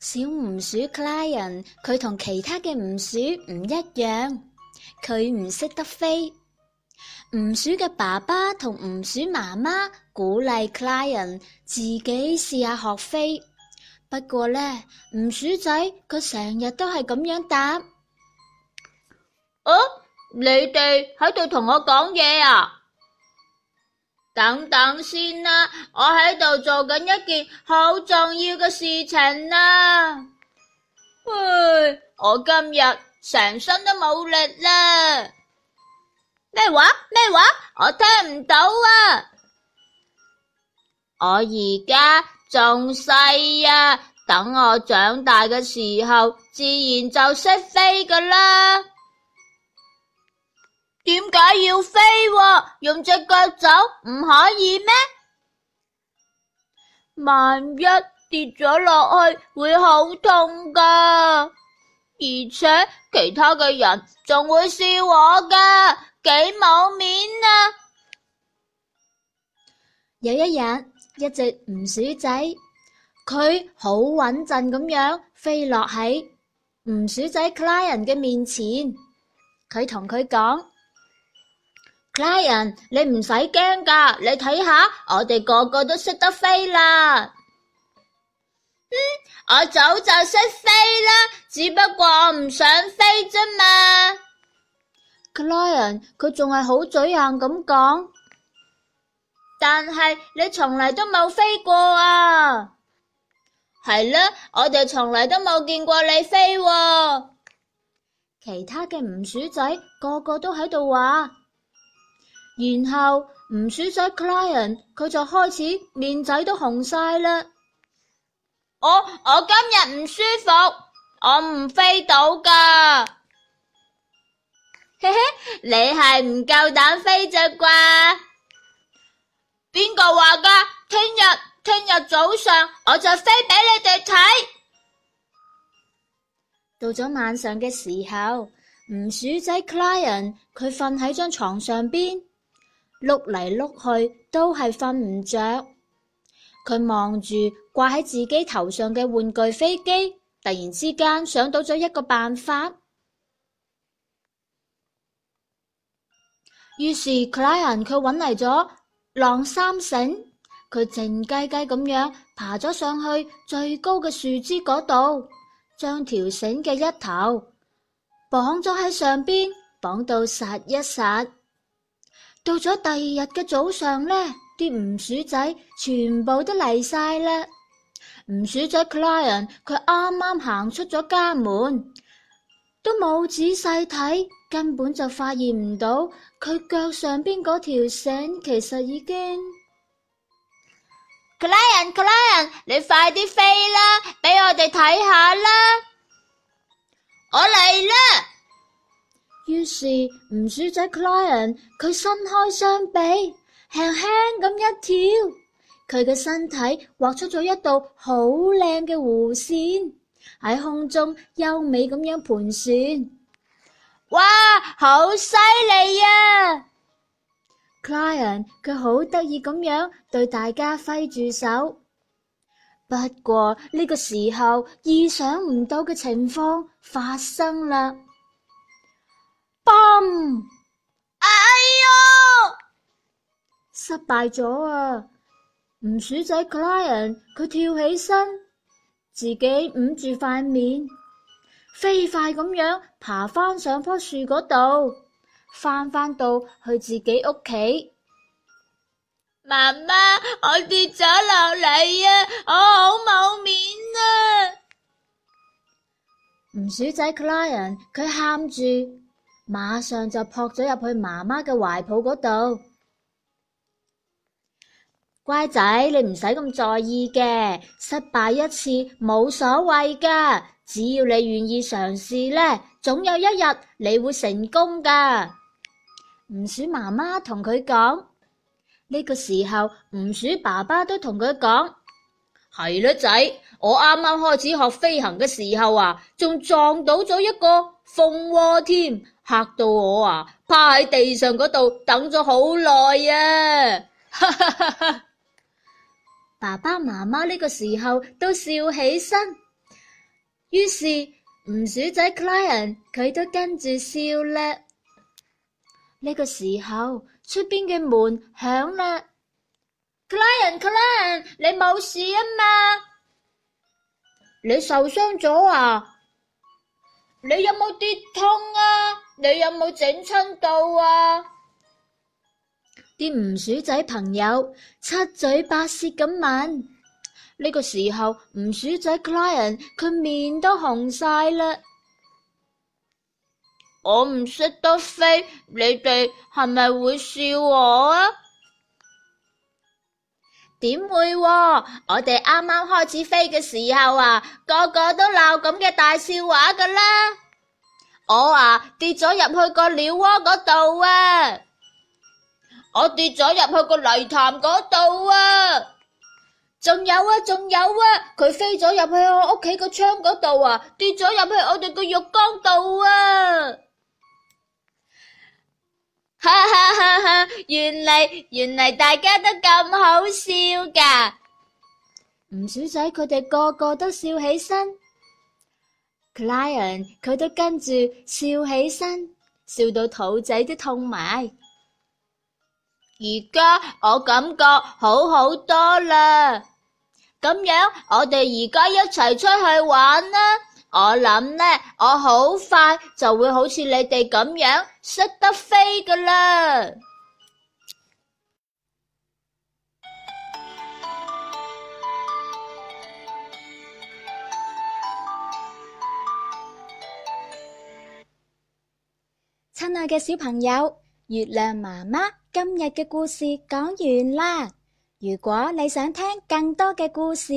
小鼯鼠 Clayton 佢同其他嘅鼯鼠唔一樣，佢唔識得飛。鼯鼠嘅爸爸同鼯鼠媽媽鼓勵 Clayton 自己試下學飛。不過呢，鼯鼠仔佢成日都係咁樣答。哦，你哋喺度同我講嘢啊！等等先啦，我喺度做緊一件好重要嘅事情啦。唉，我今日成身都冇力啦。咩話？咩話？我聽唔到啊！我而家仲細呀，等我長大嘅時候，自然就識飛噶啦。點解要飛啊？用隻腳走唔可以咩？萬一跌咗落去會好痛噶，而且其他嘅人仲會笑我噶，幾冇面啊！有一日，一隻鼯鼠仔，佢好穩陣咁樣飛落喺鼯鼠仔 Clay 人嘅面前，佢同佢講。拉人，你唔使驚噶，你睇下我哋個個都識得飛啦。嗯，我早就識飛啦，只不過我唔想飛啫嘛。拉人，佢仲係好嘴硬咁講，但係你從嚟都冇飛過啊？係啦，我哋從嚟都冇見過你飛啊。其他嘅鼯鼠仔個個都喺度話。然後鼯鼠仔 Clarence 佢就開始面仔都紅晒啦。我我今日唔舒服，我唔飛到噶。嘿 嘿，你係唔夠膽飛着啩？邊個話噶？聽日聽日早上我就飛俾你哋睇。到咗晚上嘅時候，鼯鼠仔 Clarence 佢瞓喺張床上邊。碌嚟碌去都係瞓唔着，佢望住掛喺自己頭上嘅玩具飛機，突然之間想到咗一個辦法。於是 Clayton 佢搵嚟咗晾衫繩，佢靜雞雞咁樣爬咗上去最高嘅樹枝嗰度，將條繩嘅一頭綁咗喺上邊，綁到實一實。到咗第二日嘅早上，呢啲鼯鼠仔全部都嚟晒啦。鼯鼠仔 Clarence 佢啱啱行出咗家門，都冇仔細睇，根本就發現唔到佢腳上邊嗰條繩其實已經。Clarence，Clarence 你快啲飛啦，俾我哋睇下啦，我嚟啦！於是，鼯鼠仔 Clarence 佢伸開雙臂，輕輕咁一跳，佢嘅身體畫出咗一道好靚嘅弧線，喺空中優美咁樣盤旋。哇，好犀利啊！Clarence 佢好得意咁樣對大家揮住手。不過呢個時候，意想唔到嘅情況發生啦。嗯，哎喲，失敗咗啊！吳鼠仔 Clarence 佢跳起身，自己捂住塊面，飛快咁樣爬翻上棵樹嗰度，翻返到去自己屋企。媽媽，我跌咗落嚟啊！我好冇面啊！吳鼠仔 Clarence 佢喊住。馬上就撲咗入去媽媽嘅懷抱嗰度。乖仔，你唔使咁在意嘅，失敗一次冇所謂噶，只要你願意嘗試呢，總有一日你會成功噶。鼯鼠媽媽同佢講。呢個時候鼯鼠爸爸都同佢講，係啦，仔，我啱啱開始學飛行嘅時候啊，仲撞到咗一個蜂窩添。吓到我啊！趴喺地上嗰度等咗好耐啊！哈哈，爸爸媽媽呢個時候都笑起身，於是吳鼠仔 Clarence 佢都跟住笑咧。呢個時候出邊嘅門響啦 Clarence Clarence 你冇事啊嘛？你受傷咗啊？你有冇跌痛啊？你有冇整親到啊？啲鼯鼠仔朋友七嘴八舌咁問。呢個時候，鼯鼠仔 Clarence 佢面都紅晒啦。我唔識得飛，你哋係咪會笑我啊？點會啊？我哋啱啱開始飛嘅時候啊，個個都鬧咁嘅大笑話噶啦！我啊跌咗入去個鳥窩嗰度啊，我跌咗入去個泥潭嗰度啊，仲有啊，仲有啊，佢飛咗入去我屋企個窗嗰度啊，跌咗入去我哋個浴缸度啊！哈哈哈！哈， 原嚟原嚟大家都咁好笑噶。吳小仔佢哋個個都笑起身，Clarence 佢都跟住笑起身，笑到肚仔都痛埋。而家我感覺好好多啦，咁樣我哋而家一齊出去玩啦。我諗呢，我好快就會好似你哋咁樣識得飛噶啦！親愛嘅小朋友，月亮媽媽今日嘅故事講完啦。如果你想聽更多嘅故事，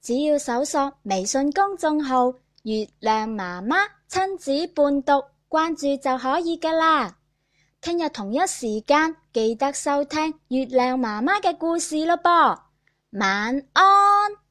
只要搜索微信公眾號。月亮媽媽親子伴讀，關注就可以㗎啦。聽日同一時間記得收聽月亮媽媽嘅故事咯噃。晚安。